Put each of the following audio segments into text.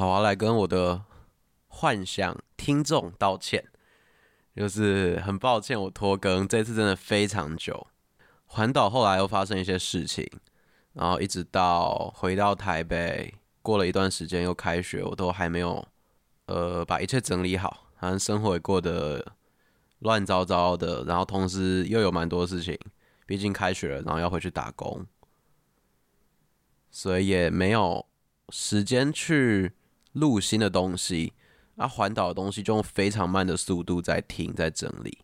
好，來跟我的幻想聽眾道歉，就是很抱歉我拖更，這次真的非常久。環島後來又發生一些事情，然後一直到回到台北，過了一段時間又開學，我都還沒有呃把一切整理好，好像生活也過得亂糟糟的。然後同時又有蠻多事情，畢竟開學了，然後要回去打工，所以也沒有時間去。錄新的東西，啊，環島的東西就用非常慢的速度在停在整理。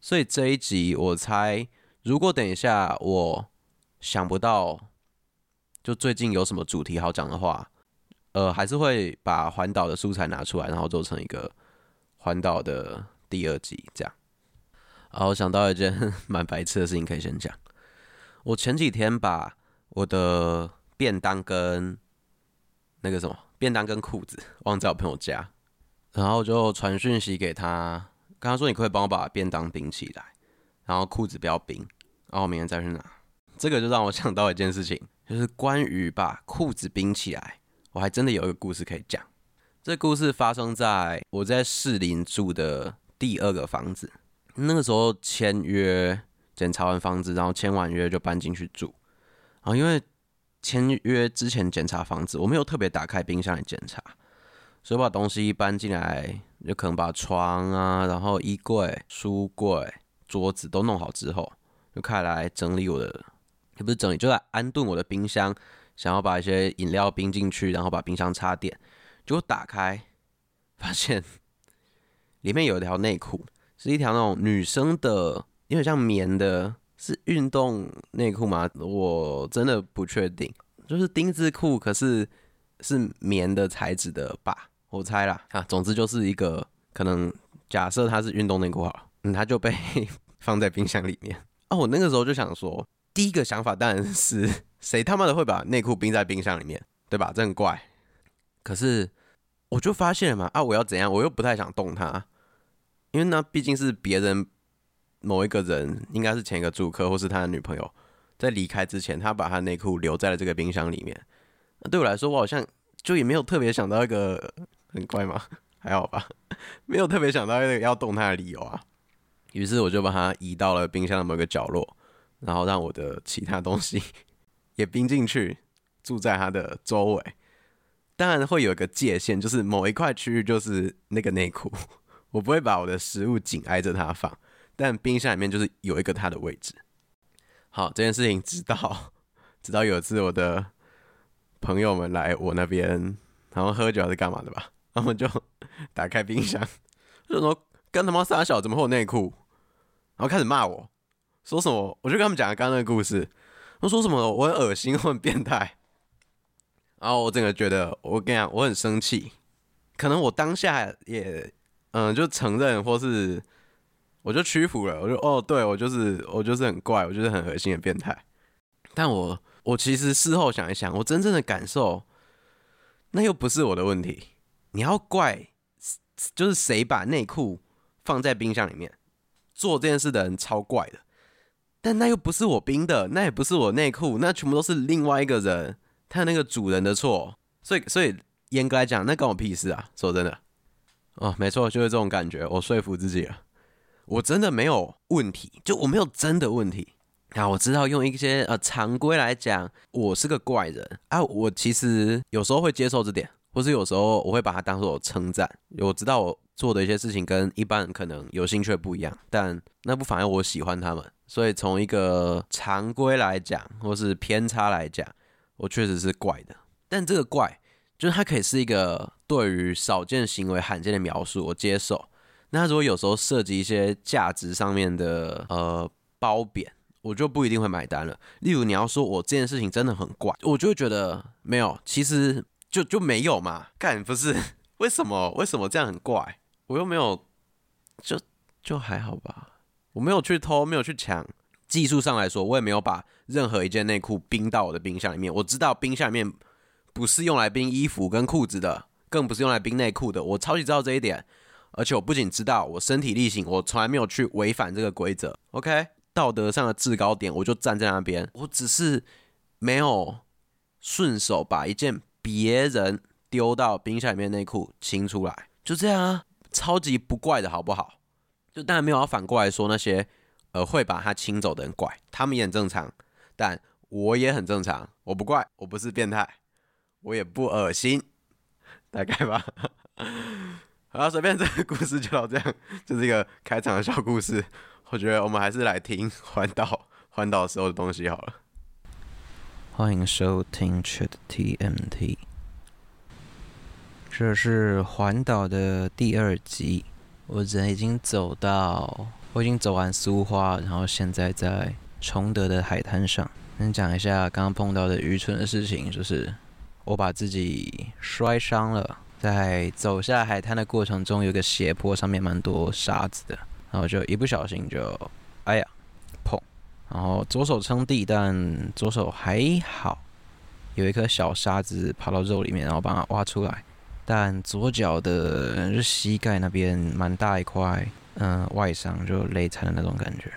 所以這一集我猜，如果等一下我想不到，就最近有什麼主題好講的話，呃，還是會把環島的素材拿出來，然後做成一個環島的第二集這樣。然後想到一件蠻白痴的事情，可以先講。我前幾天把我的便當跟那個什麼。便當跟褲子忘在我朋友家，然後就傳訊息給他，跟他說：“你可以幫我把便當冰起來，然後褲子不要冰，然後我明天再去拿。”這個就讓我想到一件事情，就是關於把褲子冰起來，我還真的有一個故事可以講。這個、故事發生在我在士林住的第二個房子，那個時候簽約，檢查完房子，然後簽完約就搬進去住，然後因為。簽約之前檢查房子，我沒有特別打開冰箱來檢查，所以把東西一搬進來，就可能把床啊，然後衣櫃、書櫃、桌子都弄好之後，就開來整理我的，也不是整理，就在安頓我的冰箱，想要把一些飲料冰進去，然後把冰箱插電，結果打開發現，裡面有一條內褲，是一條那種女生的，有點像棉的。是運動內褲嗎？我真的不確定，就是丁字褲，可是是棉的材質的吧？我猜啦啊，總之就是一個可能假設它是運動內褲好了，嗯，它就被 放在冰箱裡面啊。我那個時候就想說，第一個想法當然是誰他媽的會把內褲冰在冰箱裡面，對吧？這很怪。可是我就發現了嘛啊，我要怎樣？我又不太想動它，因為呢，畢竟是別人。某一個人應該是前一個住客，或是他的女朋友，在離開之前，他把他的內褲留在了這個冰箱裡面。對我來說，我好像就也沒有特別想到一個很怪嗎？還好吧，沒有特別想到一個要動他的理由啊。於是我就把它移到了冰箱的某個角落，然後讓我的其他東西也冰進去，住在他的周圍。當然會有一個界限，就是某一塊區域就是那個內褲，我不會把我的食物緊挨着它放。但冰箱裡面就是有一個他的位置。好，這件事情直到直到有一次我的朋友們來我那邊，然後喝酒還是幹嘛的吧，他們就打開冰箱，就說：“跟他媽三小怎麼會有內褲？”然後開始罵我說什麼，我就跟他們講了剛剛那個故事，他說什麼我很噁心，我很變態。然後我整個覺得，我跟你講，我很生氣。可能我當下也嗯、呃，就承認或是。我就屈服了，我就哦，對我就是我就是很怪，我就是很惡心的變態。但我我其實事後想一想，我真正的感受，那又不是我的問題。你要怪，就是誰把內褲放在冰箱裡面做這件事的人超怪的。但那又不是我冰的，那也不是我內褲，那全部都是另外一個人他那個主人的錯。所以所以嚴格來講，那跟我屁事啊！說真的，哦，沒錯，就是這種感覺。我說服自己了。我真的沒有問題，就我沒有真的問題。那我知道用一些呃常規來講，我是個怪人啊。我其實有時候會接受這點，或是有時候我會把它當做稱讚。我知道我做的一些事情跟一般人可能有興趣不一樣，但那不妨礙我喜歡他們。所以從一個常規來講，或是偏差來講，我確實是怪的。但這個怪，就是它可以是一個對於少見行為、罕見的描述，我接受。那如果有時候涉及一些價值上面的呃褒貶，我就不一定會買單了。例如你要說我這件事情真的很怪，我就會覺得沒有，其實就就沒有嘛。幹，不是？為什麼？為什麼這樣很怪？我又沒有，就就還好吧。我沒有去偷，沒有去搶。技術上來說，我也沒有把任何一件內褲冰到我的冰箱裡面。我知道冰箱裡面不是用來冰衣服跟褲子的，更不是用來冰內褲的。我超級知道這一點。而且我不僅知道，我身體力行，我從來沒有去違反這個規則。OK，道德上的制高點，我就站在那邊。我只是沒有順手把一件別人丟到冰箱裡面內褲清出來，就這樣啊，超級不怪的好不好？就當然沒有要反過來說那些呃會把它清走的人怪，他們也很正常，但我也很正常，我不怪，我不是變態，我也不噁心，大概吧。 好、啊，隨便這個故事就到這樣，這、就是一個開場的小故事。我覺得我們還是來聽環島環島時候的東西好了。歡迎收聽 TMT，這是環島的第二集。我人已經走到，我已經走完蘇花，然後現在在崇德的海灘上。先講一下剛剛碰到的愚蠢的事情，就是我把自己摔傷了。在走下海灘的過程中，有個斜坡，上面蠻多沙子的，然後就一不小心就，哎呀，砰，然後左手撐地，但左手還好，有一顆小沙子跑到肉裡面，然後把它挖出來，但左腳的就膝蓋那邊蠻大一塊，嗯、呃，外傷就勒殘的那種感覺。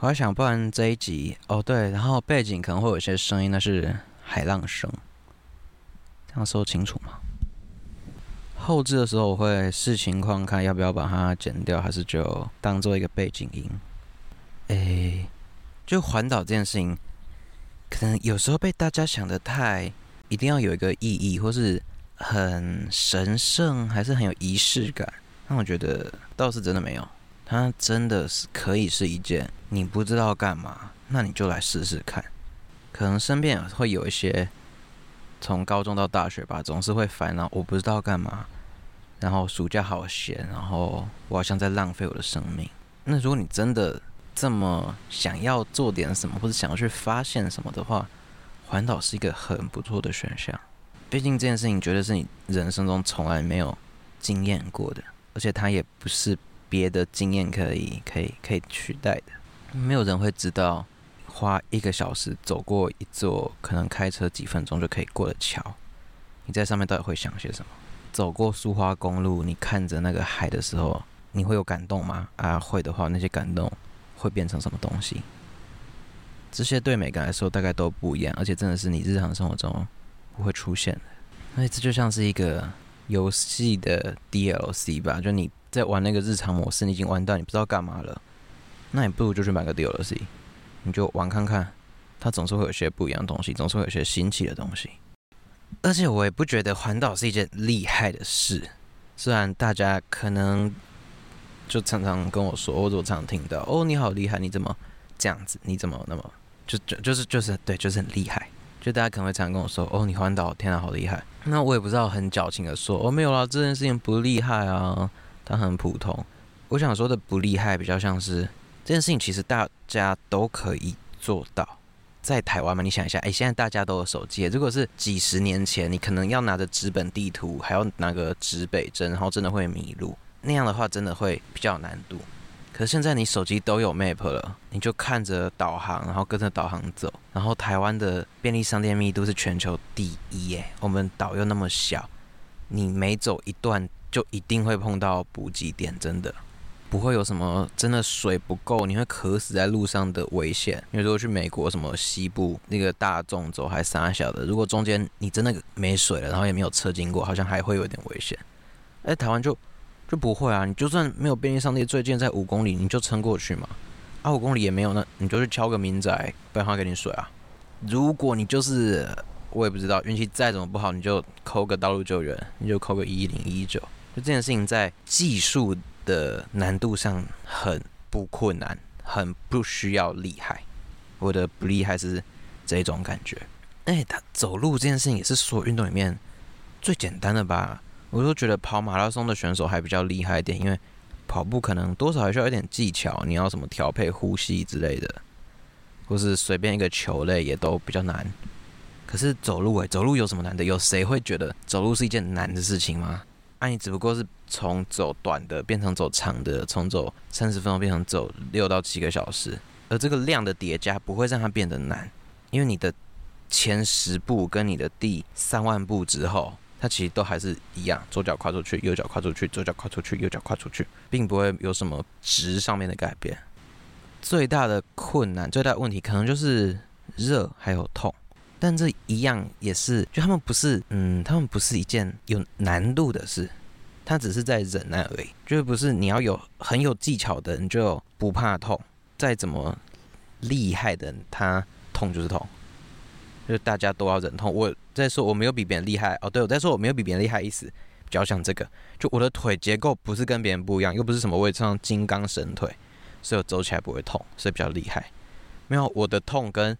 我還想，不然這一集哦對，然後背景可能會有些聲音，那是海浪聲，這樣說清楚嗎？後製的時候，我會視情況看要不要把它剪掉，還是就當做一個背景音。誒，就環島這件事情，可能有時候被大家想得太一定要有一個意義，或是很神聖，還是很有儀式感。那我覺得倒是真的沒有，它真的是可以是一件你不知道幹嘛，那你就來試試看。可能身邊也會有一些，從高中到大學吧，總是會煩惱我不知道幹嘛。然後暑假好閒，然後我好像在浪費我的生命。那如果你真的這麼想要做點什麼，或者想要去發現什麼的話，環島是一個很不錯的選項。畢竟這件事情絕對是你人生中從來沒有經驗過的，而且它也不是別的經驗可以、可以、可以取代的。沒有人會知道，花一個小時走過一座可能開車幾分鐘就可以過的橋，你在上面到底會想些什麼？走過蘇花公路，你看着那個海的時候，你會有感動嗎？啊，會的話，那些感動會變成什麼東西？這些對每個人來說大概都不一樣，而且真的是你日常生活中不會出現的。那這就像是一個遊戲的 DLC 吧，就你在玩那個日常模式，你已經玩到你不知道幹嘛了，那你不如就去買個 DLC，你就玩看看，它總是會有些不一樣的東西，總是會有些新奇的東西。而且我也不覺得環島是一件厲害的事，雖然大家可能就常常跟我說，哦，我常常聽到，哦，你好厲害，你怎麼這樣子？你怎麼那麼就就就是就是對，就是很厲害。就大家可能會常常跟我說，哦，你環島，天啊，好厲害。那我也不知道很矯情的說，哦，沒有啦，這件事情不厲害啊，它很普通。我想說的不厲害，比較像是這件事情其實大家都可以做到。在台灣嘛，你想一下，誒、欸，現在大家都有手機。如果是幾十年前，你可能要拿着紙本地圖，還要拿個指北針，然後真的會迷路。那樣的話，真的會比較有難度。可是現在你手機都有 map 了，你就看着導航，然後跟着導航走。然後台灣的便利商店密度是全球第一耶，我們島又那麼小，你每走一段就一定會碰到補給點，真的。不會有什麼真的水不夠，你會渴死在路上的危險。因為如果去美國什麼西部那個大眾走還三小的，如果中間你真的沒水了，然後也沒有車經過，好像還會有點危險。哎，台灣就就不會啊！你就算沒有便利商店，最近在五公里，你就撐過去嘛。啊，五公里也沒有，那你就去敲個民宅，不然話給你水啊。如果你就是我也不知道運氣再怎麼不好，你就扣個道路救援，你就扣個一一零、一一九。就這件事情在技術，的難度上很不困難，很不需要厲害，我的不厲害是這種感覺。哎、欸，他走路這件事情也是所有運動裡面最簡單的吧？我都覺得跑馬拉松的選手還比較厲害一點，因為跑步可能多少還需要一點技巧，你要什麼調配呼吸之類的，或是隨便一個球類也都比較難。可是走路誒、欸，走路有什麼難的？有誰會覺得走路是一件難的事情嗎？啊你只不過是。從走短的變成走長的，從走三十分鐘變成走六到七個小時，而這個量的疊加不會讓它變得難，因為你的前十步跟你的第三萬步之後，它其實都還是一樣，左腳跨出去，右腳跨出去，左腳跨出去，右腳跨出去，並不會有什麼質上面的改變。最大的困難、最大的問題，可能就是熱還有痛，但這一樣也是，就他們不是，嗯，他們不是一件有難度的事。他只是在忍耐而已，就是不是你要有很有技巧的人就不怕痛，再怎麼厲害的人他痛就是痛，就大家都要忍痛。我在說我沒有比別人厲害哦。對，對，我在說我沒有比別人厲害意思，比較像這個，就我的腿結構不是跟別人不一樣，又不是什麼位置上金剛神腿，所以我走起來不會痛，所以比較厲害。沒有我的痛跟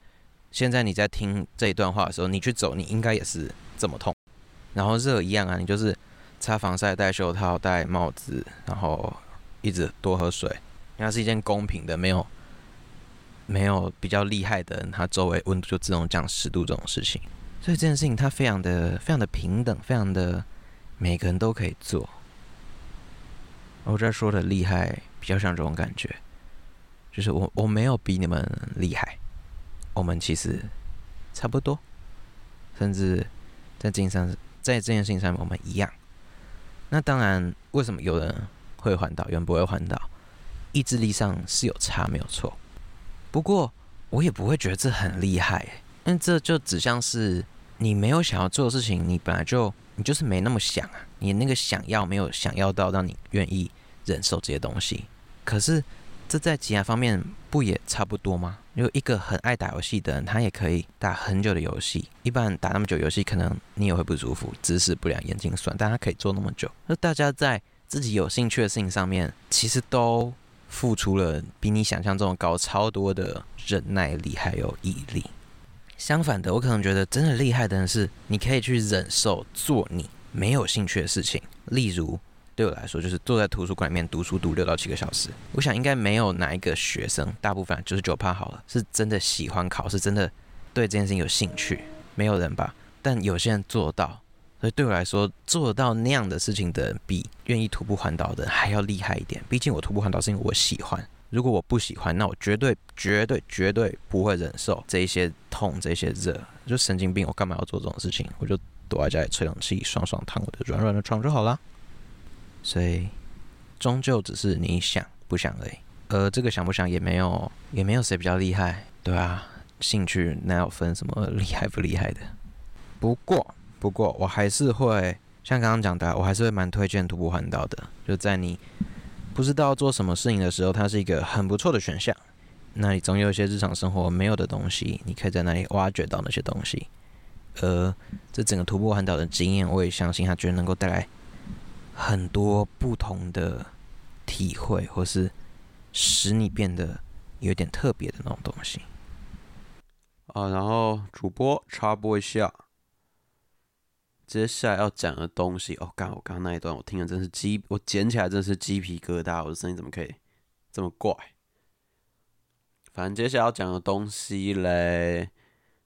現在你在聽這一段話的時候，你去走你應該也是這麼痛，然後熱一樣啊，你就是，擦防曬、戴袖套、戴帽子，然後一直多喝水。那是一件公平的，沒有沒有比較厲害的人，他周圍溫度就自動降十度這種事情。所以這件事情它非常的非常的平等，非常的每個人都可以做。我這說的厲害，比較像這種感覺，就是我我沒有比你們厲害，我們其實差不多，甚至在經商在這件事情上面我們一樣。那當然，為什麼有人會環島，有人不會環島？意志力上是有差，沒有錯。不過，我也不會覺得這很厲害，那這就只像是你沒有想要做的事情，你本來就你就是沒那麼想啊，你那個想要沒有想要到，讓你願意忍受這些東西，可是。這在其他方面不也差不多嗎？因為，一個很愛打遊戲的人，他也可以打很久的遊戲。一般打那麼久遊戲，可能你也會不舒服，姿勢不良，眼睛酸，但他可以做那麼久。那大家在自己有興趣的事情上面，其實都付出了比你想象中高超多的忍耐力還有毅力。相反的，我可能覺得真的厲害的人是，你可以去忍受做你沒有興趣的事情，例如。對我來說，就是坐在圖書館裡面讀書讀六到七個小時。我想應該沒有哪一個學生，大部分就是九趴好了，是真的喜歡考試，真的對這件事情有興趣，沒有人吧？但有些人做到，所以對我來說，做到那樣的事情的人，比願意徒步環島的人還要厲害一點。畢竟我徒步環島是因為我喜歡，如果我不喜歡，那我絕對絕對絕對不會忍受這些痛、這些熱，就神經病！我幹嘛要做這種事情？我就躲在家裡吹冷氣，爽爽躺我的軟軟的床就好了。所以，終究只是你想不想而已。呃，這個想不想也沒有，也沒有誰比較厲害，對啊，興趣那要分什麼厲害不厲害的？不過，不過我還是會像剛剛講的，我還是會蠻推薦徒步環島的。就在你不知道做什麼事情的時候，它是一個很不錯的選項。那裡總有一些日常生活沒有的東西，你可以在那裡挖掘到那些東西。呃，這整個徒步環島的經驗，我也相信它絕對能夠帶來。很多不同的體會，或是使你變得有點特別的那種東西。啊，然後主播插播一下，接下來要講的東西哦！剛我剛剛那一段我聽的真是雞，我剪起來真是雞皮疙瘩。我的聲音怎麼可以這麼怪？反正接下來要講的東西嘞，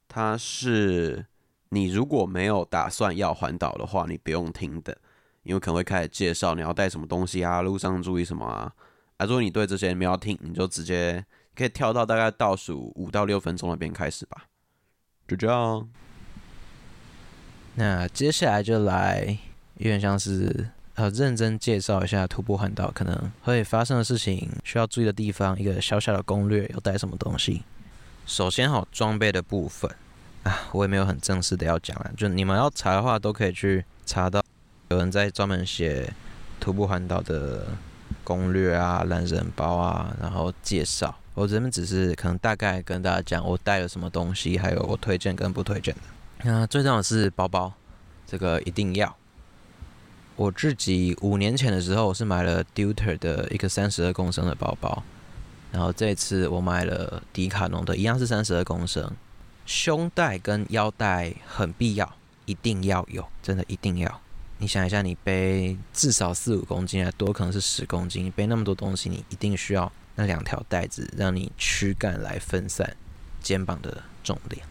它是你如果沒有打算要環島的話，你不用聽的。因為可能會開始介紹你要帶什麼東西啊，路上注意什麼啊。啊，如果你對這些沒有聽，你就直接可以跳到大概倒數五到六分鐘那邊開始吧。就這樣。那接下來就來有點像是呃認真介紹一下徒步環島可能會發生的事情，需要注意的地方，一個小小的攻略，要帶什麼東西。首先好，好裝備的部分啊，我也沒有很正式的要講啊，就你們要查的話都可以去查到。有人在專門寫徒步環島的攻略啊、懶人包啊，然後介紹。我這邊只是可能大概跟大家講我帶了什麼東西，還有我推薦跟不推薦的。那最重要的是包包，這個一定要。我自己五年前的時候我是買了 Deuter 的一個三十二公升的包包，然後這次我買了迪卡儂的一樣是三十二公升。胸帶跟腰帶很必要，一定要有，真的一定要。你想一下，你背至少四五公斤啊，多可能是十公斤。你背那麼多東西，你一定需要那兩條帶子，讓你軀幹來分散肩膀的重量。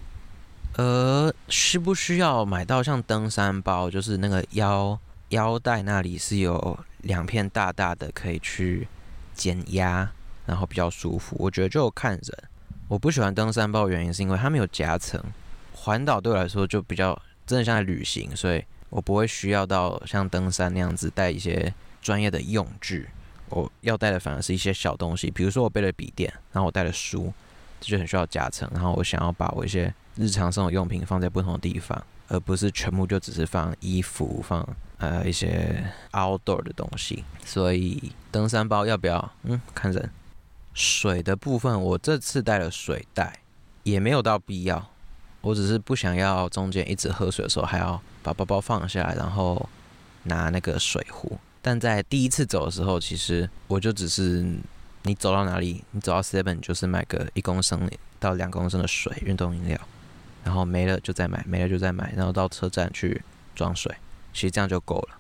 而、呃、需不需要買到像登山包，就是那個腰腰帶那裡是有兩片大大的，可以去減壓，然後比較舒服，我覺得就看人。我不喜歡登山包的原因是因為它沒有夾層。環島對我來說就比較真的像在旅行，所以。我不會需要到像登山那樣子帶一些專業的用具，我要帶的反而是一些小東西，比如說我背了筆電，然後我帶了書，這就很需要夾層。然後我想要把我一些日常生活用品放在不同的地方，而不是全部就只是放衣服，放呃一些 outdoor 的東西。所以登山包要不要？嗯，看人。水的部分，我這次帶了水袋，也沒有到必要，我只是不想要中間一直喝水的時候還要。把包包放下來，然後拿那個水壺。但在第一次走的時候，其實我就只是你走到哪裡，你走到 seven 就是買個一公升到兩公升的水運動飲料，然後沒了就再買，沒了就再買，然後到車站去裝水。其實這樣就夠了，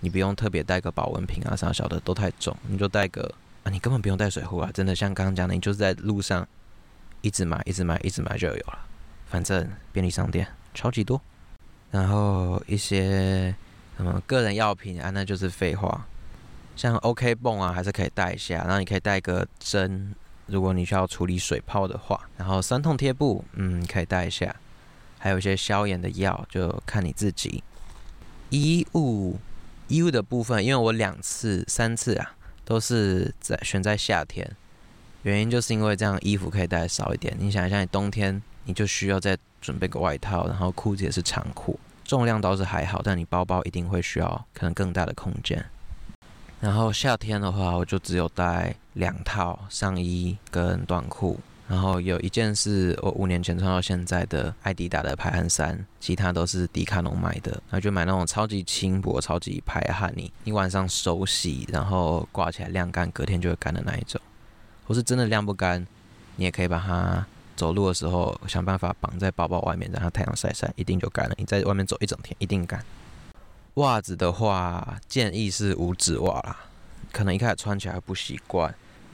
你不用特別帶個保溫瓶啊，啥小的都太重，你就帶個啊，你根本不用帶水壺啊，真的像剛剛講的，你就是在路上一直，一直買，一直買，一直買就有了。反正便利商店超級多。然後一些什麼個人藥品啊，那就是廢話，像 OK 繃啊還是可以帶一下，然後你可以帶個針，如果你需要處理水泡的話，然後酸痛貼布，嗯可以帶一下，還有一些消炎的藥，就看你自己。衣物衣物的部分，因為我兩次三次啊都是在選在夏天，原因就是因為這樣衣服可以帶少一點，你想一下，你冬天你就需要再。準備個外套，然後褲子也是長褲，重量倒是還好，但你包包一定會需要可能更大的空間。然後夏天的話，我就只有帶兩套上衣跟短褲，然後有一件是我五年前穿到現在的愛迪達的排汗衫，其他都是迪卡儂買的，那就買那種超級輕薄、超級排汗，你你晚上手洗，然後掛起來晾乾，隔天就會乾的那一種。我是真的晾不乾，你也可以把它。走路的時候，想辦法綁在包包外面，讓它太陽曬曬，一定就乾了。你在外面走一整天，一定乾。襪子的話，建議是五指襪啦，可能一開始穿起來不習慣，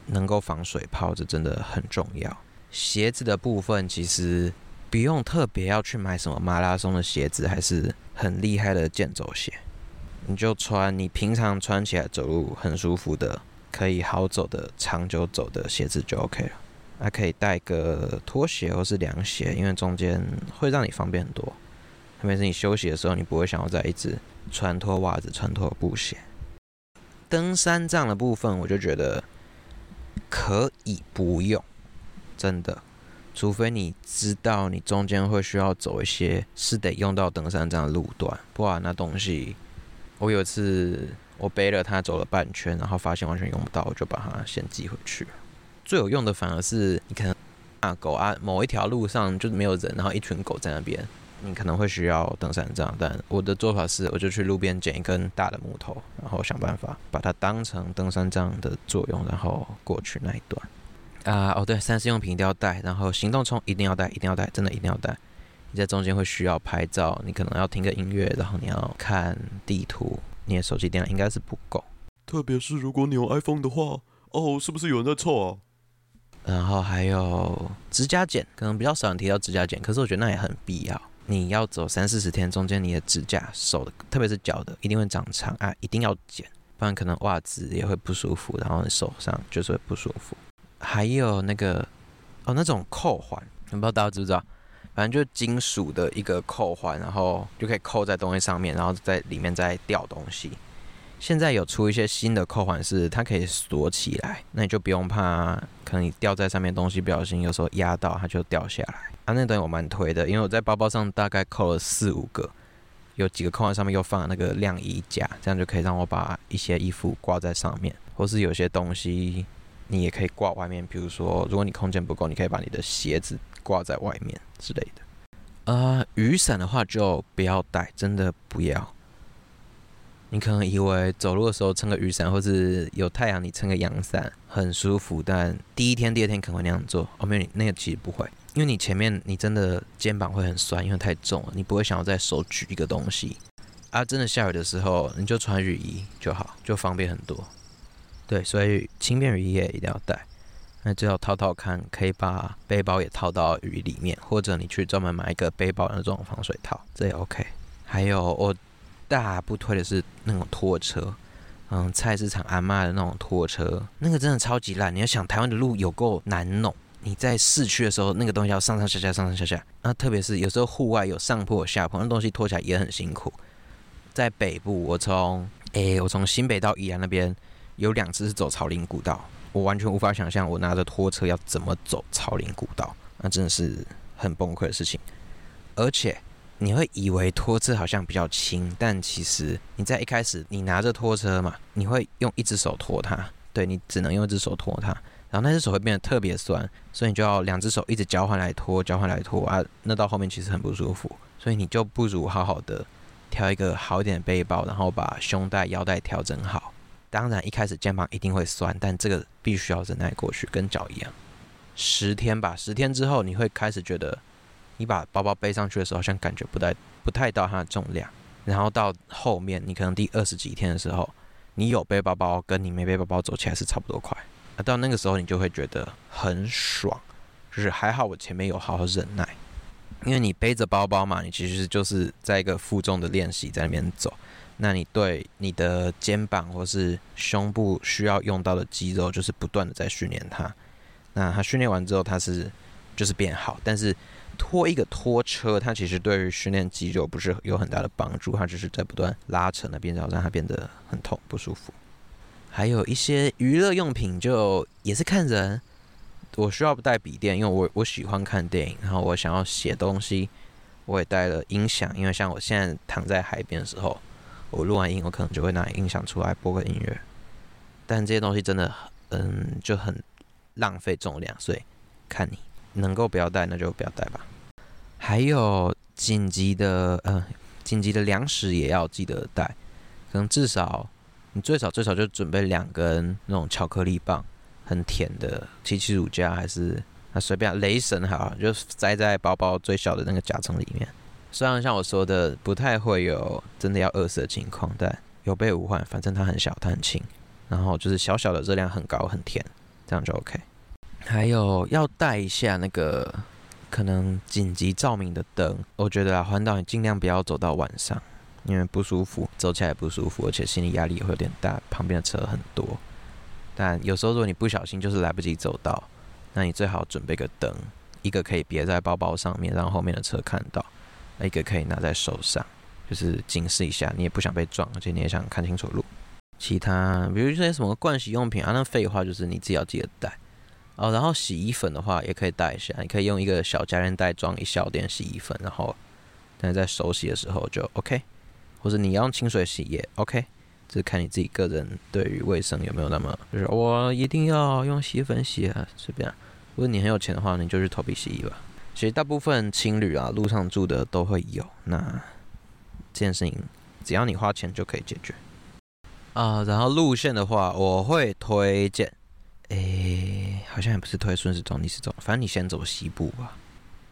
能夠防水泡，這真的很重要。鞋子的部分，其實不用特別要去買什麼馬拉松的鞋子，還是很厲害的健走鞋，你就穿你平常穿起來走路很舒服的，可以好走的、長久走的鞋子就 OK 了。還可以帶個拖鞋或是涼鞋，因為中間會讓你方便很多。特別是你休息的時候，你不會想要再一直穿脫襪子、穿脫布鞋。登山杖的部分，我就覺得可以不用，真的，除非你知道你中間會需要走一些是得用到登山杖的路段，不然那東西，我有一次我背了它走了半圈，然後發現完全用不到，我就把它先寄回去。最有用的反而是你可能啊狗啊某一條路上就是沒有人，然後一群狗在那邊，你可能會需要登山杖。但我的做法是，我就去路邊撿一根大的木頭，然後想辦法把它當成登山杖的作用，然後過去那一段。啊、呃、哦對，3C 用品一定要帶，然後行動充一定要帶，一定要帶，真的一定要帶。你在中間會需要拍照，你可能要聽個音樂，然後你要看地圖，你的手機電量應該是不夠。特別是如果你有 iPhone 的話，哦，是不是有人在湊？啊？然後還有指甲剪，可能比較少人提到指甲剪，可是我覺得那也很必要。你要走三四十天，中間你的指甲、手的，特別是腳的，一定會長長啊，一定要剪，不然可能襪子也會不舒服，然後你手上就是會不舒服。還有那個哦，那種扣環，不知道大家知不知道，反正就是金屬的一個扣環，然後就可以扣在東西上面，然後在裡面再吊東西。現在有出一些新的扣環，是它可以鎖起來，那你就不用怕，可能你掉在上面東西不小心，有時候壓到它就掉下來。啊，那個、東西我蠻推的，因為我在包包上大概扣了四五個，有幾個扣環上面又放了那個晾衣架，這樣就可以讓我把一些衣服掛在上面，或是有些東西你也可以掛外面，比如說如果你空間不夠，你可以把你的鞋子掛在外面之類的。啊、呃，雨傘的話就不要帶，真的不要。你可能以為走路的時候撐個雨傘，或是有太陽你撐個陽傘很舒服，但第一天、第二天可能會那樣做。哦，沒有，那個其實不會，因為你前面你真的肩膀會很酸，因為太重了，你不會想要再手舉一個東西。啊，真的下雨的時候你就穿雨衣就好，就方便很多。對，所以輕便雨衣也一定要帶。那最後套套看，可以把背包也套到雨裡面，或者你去專門買一個背包的那種防水套，這也 OK。還有我。大部推的是那種拖車，嗯，菜市場阿嬤的那種拖車，那個真的超級爛。你要想，台灣的路有夠難弄，你在市區的時候，那個東西要上上下下，上上下下。那、啊、特別是有時候戶外有上坡有下坡，那東西拖起來也很辛苦。在北部我、欸，我從誒，我從新北到宜蘭那邊，有兩次是走草嶺古道，我完全無法想象我拿着拖車要怎麼走草嶺古道，那真的是很崩潰的事情。而且。你會以為拖車好像比較輕，但其實你在一開始你拿着拖車嘛，你會用一只手拖它，對你只能用一只手拖它，然後那只手會變得特別酸，所以你就要兩只手一直交換來拖，交換來拖啊，那到後面其實很不舒服，所以你就不如好好的挑一個好一點的背包，然後把胸帶、腰帶調整好。當然一開始肩膀一定會酸，但這個必須要忍耐過去，跟腳一樣，十天吧，十天之後你會開始覺得。你把包包背上去的時候，好像感覺不太不太到它的重量。然後到後面，你可能第二十幾天的時候，你有背包包跟你沒背包包走起來是差不多快。啊。到那個時候，你就會覺得很爽，就是還好我前面有好好忍耐。因為你背着包包嘛，你其實就是在一個負重的練習在裡面走。那你對你的肩膀或是胸部需要用到的肌肉，就是不斷的在訓練它。那它訓練完之後，它是就是變好，但是。拖一個拖車，它其實對於訓練肌肉不是有很大的幫助，它只是在不斷拉扯那邊，然後讓它變得很痛不舒服。還有一些娛樂用品，就也是看人。我需要不帶筆電，因為我我喜歡看電影，然後我想要寫東西，我也帶了音響，因為像我現在躺在海邊的時候，我錄完音，我可能就會拿音響出來播個音樂。但這些東西真的很，嗯，就很浪費重量，所以看你。能夠不要帶那就不要帶吧，還有緊急的，呃，緊急的糧食也要記得帶，可能至少你最少最少就準備兩根那種巧克力棒，很甜的，七七乳加還是那隨便，雷神哈，好，就塞在包包最小的那個夾層裡面。雖然像我說的不太會有真的要餓死的情況，但有備無患，反正它很小，它很輕，然後就是小小的熱量很高很甜，這樣就 OK。還有要帶一下那個可能緊急照明的燈。我覺得啊，環島你盡量不要走到晚上，因為不舒服，走起來也不舒服，而且心理壓力也會有點大。旁邊的車很多，但有時候如果你不小心，就是來不及走到，那你最好準備個燈，一個可以別在包包上面，讓後面的車看到；那一個可以拿在手上，就是警示一下。你也不想被撞，而且你也想看清楚路。其他，比如說什麼盥洗用品啊，那廢話就是你自己要記得帶。哦，然後洗衣粉的話也可以帶一下，你可以用一個小夾鏈袋裝一小點洗衣粉，然後，但是在手洗的時候就 OK，或者你要用清水洗也 OK，就看你自己個人對於衛生有沒有那麼就是我一定要用洗衣粉洗啊，隨便、啊。如果你很有錢的話，你就去投幣洗衣吧。其實大部分情侶啊，路上住的都會有那這件事情，只要你花錢就可以解決。啊、呃，然後路線的話，我會推薦。誒、欸，好像也不是推順時鐘逆時鐘，反正你先走西部吧，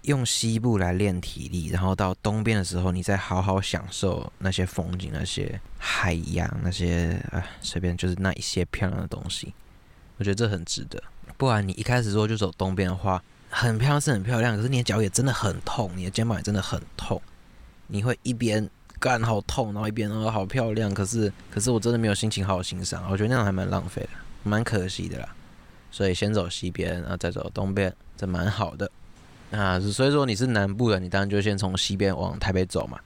用西部來練體力，然後到東邊的時候，你再好好享受那些風景、那些海洋、那些啊，隨便就是那一些漂亮的東西。我覺得這很值得。不然你一開始說就走東邊的話，很漂亮是很漂亮，可是你的腳也真的很痛，你的肩膀也真的很痛，你會一邊幹好痛，然後一邊哦好漂亮，可是可是我真的沒有心情好好欣賞，我覺得那樣還蠻浪費的，蠻可惜的啦。所以先走西邊，然後再走東邊，這蠻好的。啊，所以說你是南部的，你當然就先從西邊往台北走嘛。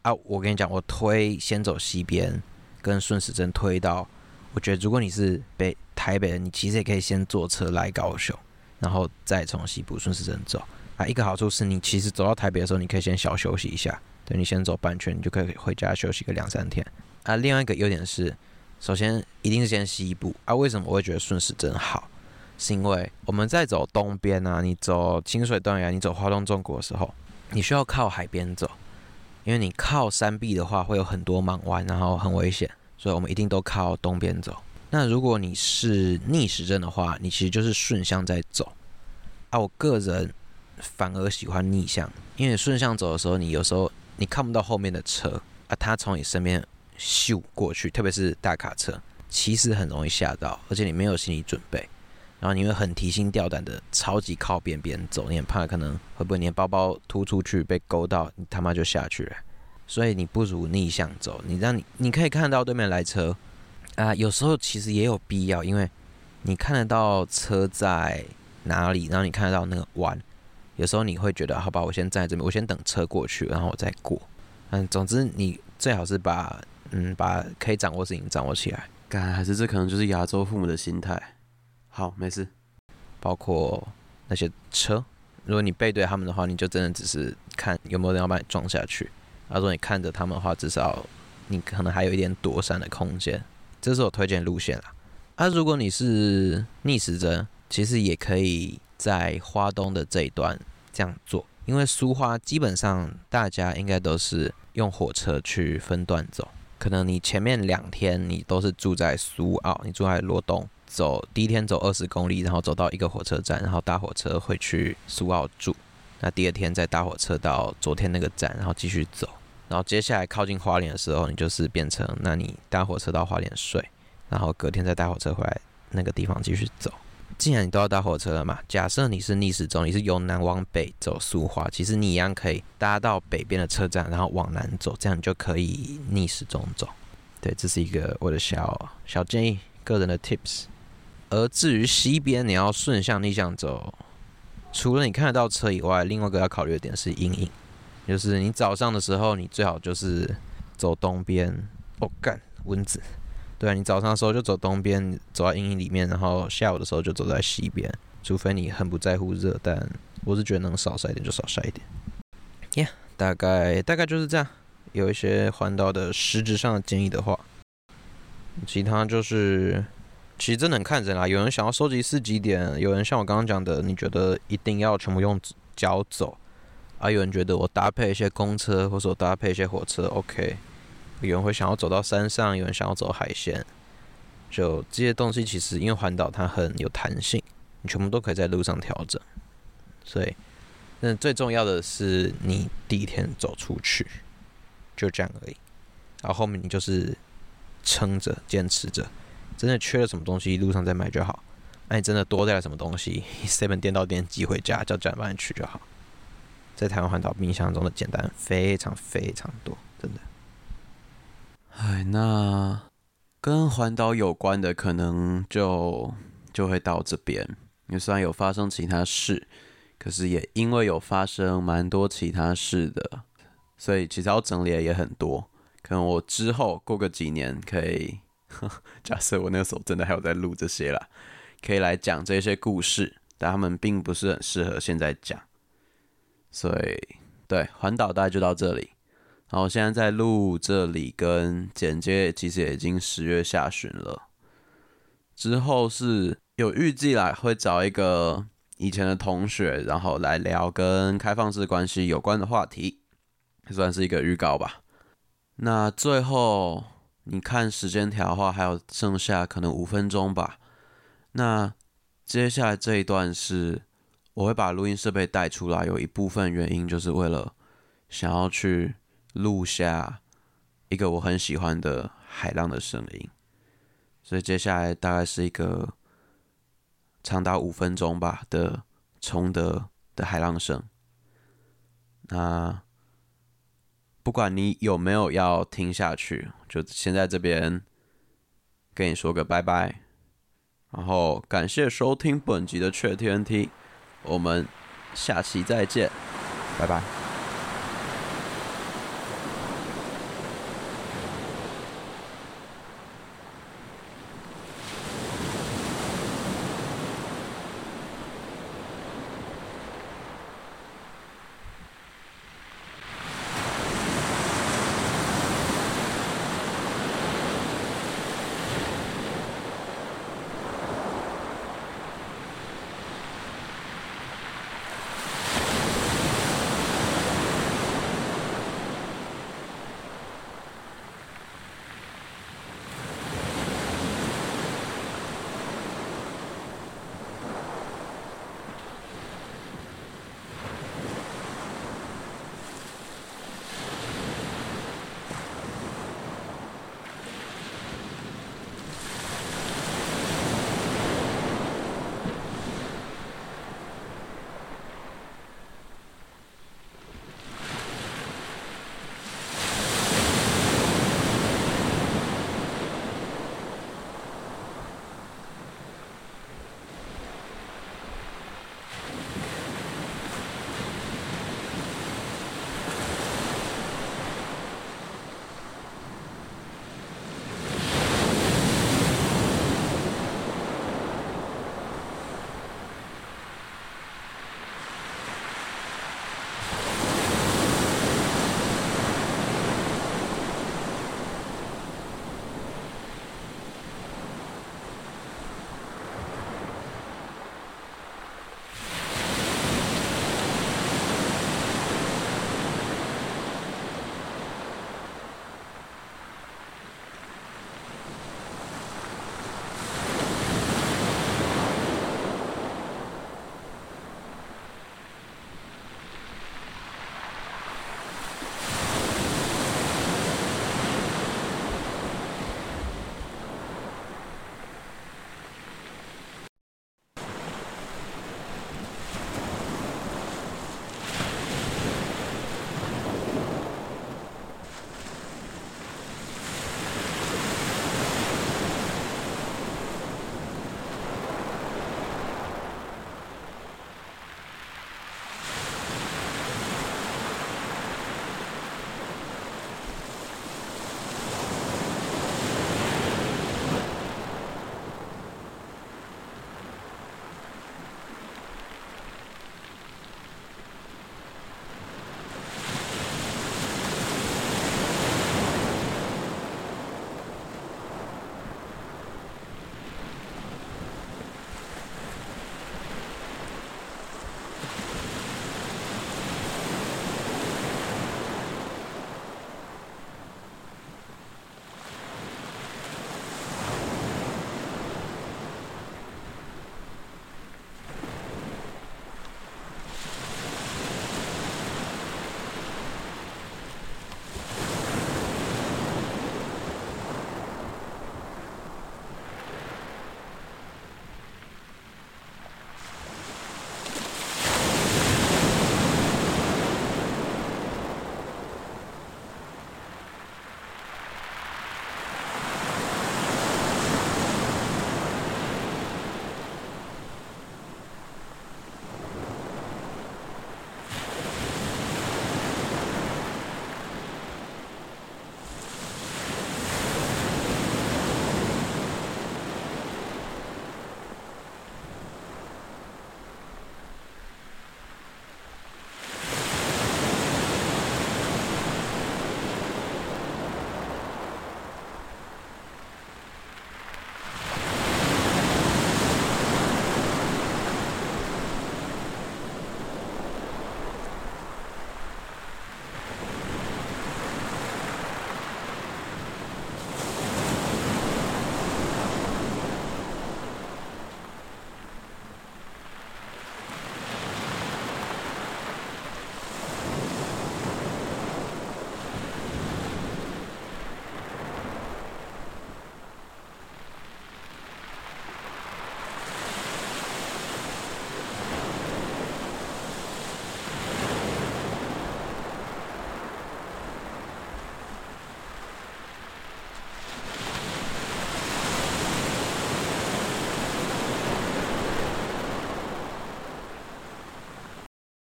啊，我跟你講，我推先走西邊，跟順時針推到。我覺得如果你是北，台北的，你其實也可以先坐車來高雄，然後再從西部順時針走。啊，一個好處是你其實走到台北的時候，你可以先小休息一下。對，你先走半圈，你就可以回家休息個兩三天。啊，另外一個優點是，首先一定是先西部。啊，為什麼我會覺得順時針好？是因為我們在走東邊啊，你走清水斷崖，啊，你走花東縱谷的時候，你需要靠海邊走，因為你靠山壁的話會有很多盲彎，然後很危險，所以我們一定都靠東邊走。那如果你是逆時針的話，你其實就是順向在走啊。我個人反而喜歡逆向，因為順向走的時候，你有時候你看不到後面的車啊，他從你身邊咻過去，特別是大卡車，其實很容易嚇到，而且你沒有心理準備。然後你會很提心吊膽的，超級靠邊邊走，你很怕可能會不會你的包包突出去被勾到，你他媽就下去了。所以你不如逆向走，你讓你你可以看到對面來車啊、呃，有時候其實也有必要，因為你看得到車在哪裡，然後你看得到那個彎，有時候你會覺得好吧，我先在這邊，我先等車過去，然後我再過。嗯、呃，總之你最好是把嗯把可以掌握事情，掌握起來。幹，還是這可能就是亞洲父母的心態。好，沒事。包括那些車，如果你背對他們的話，你就真的只是看有沒有人要把你撞下去。他、啊、如果你看着他們的話，至少你可能還有一點躲閃的空間。這是我推薦路線啦。而、啊、如果你是逆時針，其實也可以在花東的這一段這樣做，因為蘇花基本上大家應該都是用火車去分段走，可能你前面兩天你都是住在蘇澳，你住在羅東。走第一天走二十公里，然後走到一個火車站，然後搭火車回去蘇澳住。那第二天再搭火車到昨天那個站，然後繼續走。然後接下來靠近花蓮的時候，你就是變成那你搭火車到花蓮睡，然後隔天再搭火車回來那個地方繼續走。既然你都要搭火車了嘛，假設你是逆時鐘，你是由南往北走蘇花，其實你一樣可以搭到北邊的車站，然後往南走，這樣你就可以逆時鐘走。對，這是一個我的小小建議，個人的 tips。而至於西邊，你要順向逆向走，除了你看得到車以外，另外一個要考慮的點是陰影，就是你早上的時候，你最好就是走東邊。哦幹，蚊子！對啊，你早上的時候就走東邊，走在陰影裡面，然後下午的時候就走在西邊，除非你很不在乎熱，但我是覺得能少曬一點就少曬一點。耶，大概大概就是這樣。有一些環島的實質上的建議的話，其他就是。其實真的很看人啦，有人想要收集四極點，有人像我剛剛講的，你覺得一定要全部用腳走，啊，有人覺得我搭配一些公車或者我搭配一些火車，OK，有人會想要走到山上，有人想要走海線，就這些東西其實因為環島它很有彈性，你全部都可以在路上調整，所以，那最重要的是你第一天走出去，就這樣而已，然後後面你就是撐着堅持着。真的缺了什麼東西，路上再買就好。那、啊、你真的多帶了什麼東西，7-11店到店寄回家，叫家人幫你取就好。在台灣環島，比你想像中的簡單非常非常多，真的。唉，那跟環島有關的，可能就就會到這邊。因為雖然有發生其他事，可是也因為有發生蠻多其他事的，所以其實要整理的也很多。可能我之後過個幾年可以。 假設我那個時候真的還有在錄這些啦，可以來講這些故事，但它們並不是很適合現在講。所以，對，環島帶就到這裡。然後現在在錄這裡跟簡介，其實也已經十月下旬了。之後是有預計啦，會找一個以前的同學，然後來聊跟開放式關係有關的話題，算是一個預告吧。那最後。你看時間條的話，還有剩下可能五分鐘吧。那接下來這一段是，我會把錄音設備帶出來，有一部分原因就是為了想要去錄下一個我很喜歡的海浪的聲音。所以接下來大概是一個長達五分鐘吧的重德的海浪聲。那。不管你有沒有要聽下去，就先在這邊跟你說個拜拜，然後感謝收聽本集的雀 TMT，我們下期再見，拜拜。